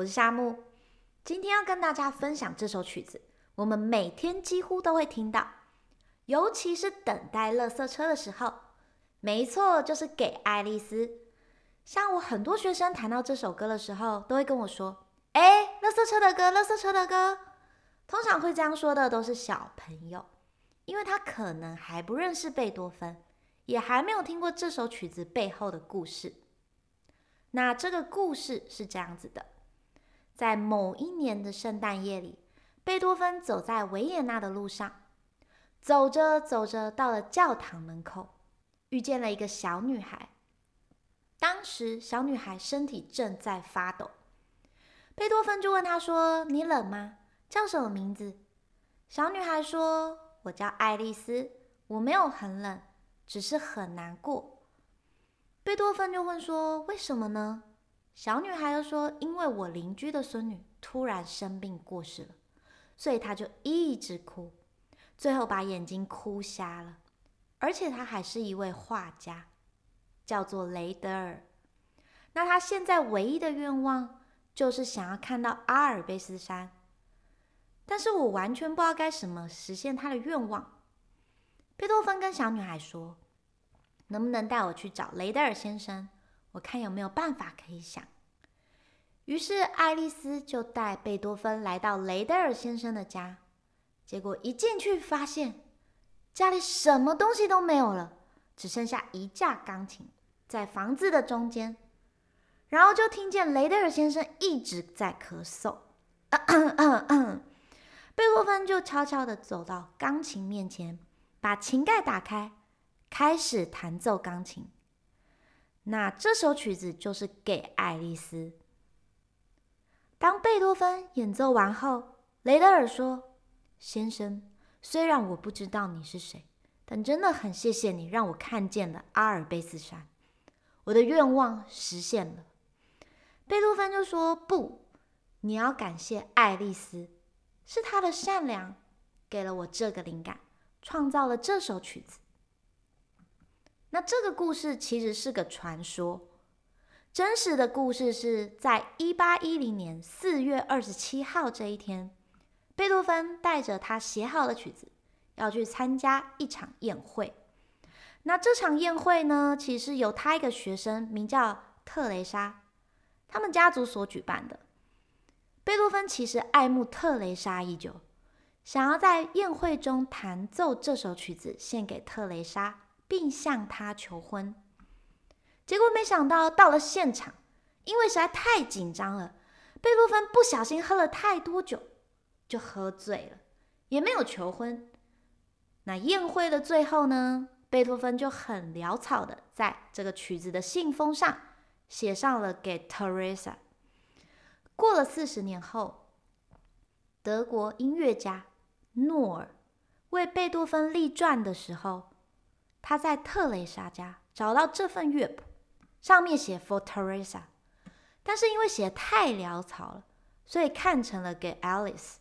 我是夏慕，今天要跟大家分享這首曲子，我們每天幾乎都會聽到，尤其是等待垃圾車的時候。沒錯，就是《給愛麗絲》。像我很多學生談到這首歌的時候，都會跟我說：“誒，垃圾車的歌，垃圾車的歌。”通常會這樣說的都是小朋友，因為他可能還不認識貝多芬，也還沒有聽過這首曲子背後的故事。那這個故事是這樣子的。在某一年的聖誕夜裡，貝多芬走在維也納的路上，走着走着到了教堂門口，遇見了一個小女孩。當時小女孩身體正在發抖，貝多芬就問她說：“你冷嗎？叫什麼名字？”小女孩說：“我叫愛麗絲，我沒有很冷，只是很難過。”貝多芬就問說：“為什麼呢？”小女孩又說：“因為我鄰居的孫女突然生病過世了，所以她就一直哭，最後把眼睛哭瞎了。而且她還是一位畫家，叫做雷德爾。那她現在唯一的願望就是想要看到阿爾卑斯山，但是我完全不知道該怎麼實現她的願望。”貝多芬跟小女孩說：“能不能帶我去找雷德爾先生？”我看有沒有辦法可以想。於是愛麗絲就帶貝多芬來到雷德爾先生的家，結果一進去發現家裡什麼東西都沒有了，只剩下一架鋼琴在房子的中間，然後就聽見雷德爾先生一直在咳嗽，嗯嗯嗯、貝多芬就悄悄地走到鋼琴面前，把琴蓋打開，開始彈奏鋼琴。那這首曲子就是給愛麗絲。當貝多芬演奏完後，雷德爾說：“先生，雖然我不知道你是誰，但真的很謝謝你，讓我看見了阿爾卑斯山，我的願望實現了。”貝多芬就說：“不，你要感謝愛麗絲，是她的善良給了我這個靈感，創造了這首曲子。”那這個故事其實是個傳說，真實的故事是在一八一零年四月二十七號這一天，貝多芬帶着他寫好的曲子要去參加一場宴會。那這場宴會呢，其實由他一個學生名叫特雷莎，他們家族所舉辦的。貝多芬其實愛慕特雷莎已久，想要在宴會中彈奏這首曲子獻給特雷莎。並向他求婚，結果沒想到到了現場，因為實在太緊張了，貝多芬不小心喝了太多酒，就喝醉了，也沒有求婚。那宴會的最後呢，貝多芬就很潦草的在這個曲子的信封上寫上了給 Teresa。過了四十年後，德國音樂家諾爾為貝多芬立傳的時候，他在特蕾莎家找到這份樂譜，上面寫 “For Teresa”，但是因為寫的太潦草了，所以看成了給 Alice。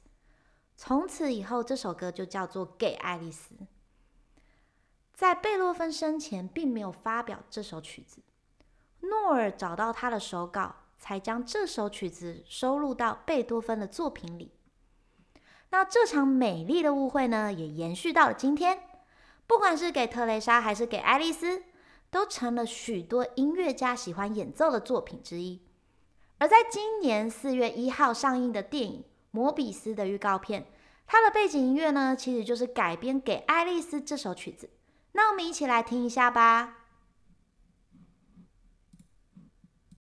從此以後，這首歌就叫做《給愛麗絲》。在貝多芬生前，並沒有發表這首曲子。諾爾找到他的手稿，才將這首曲子收錄到貝多芬的作品裡。那這場美麗的誤會呢，也延續到了今天。不管是給特蕾莎還是給愛麗絲，都成了許多音樂家喜歡演奏的作品之一。而在今年四月一號上映的電影《魔比斯》的預告片，它的背景音樂呢，其實就是改編給愛麗絲這首曲子。那我們一起來聽一下吧。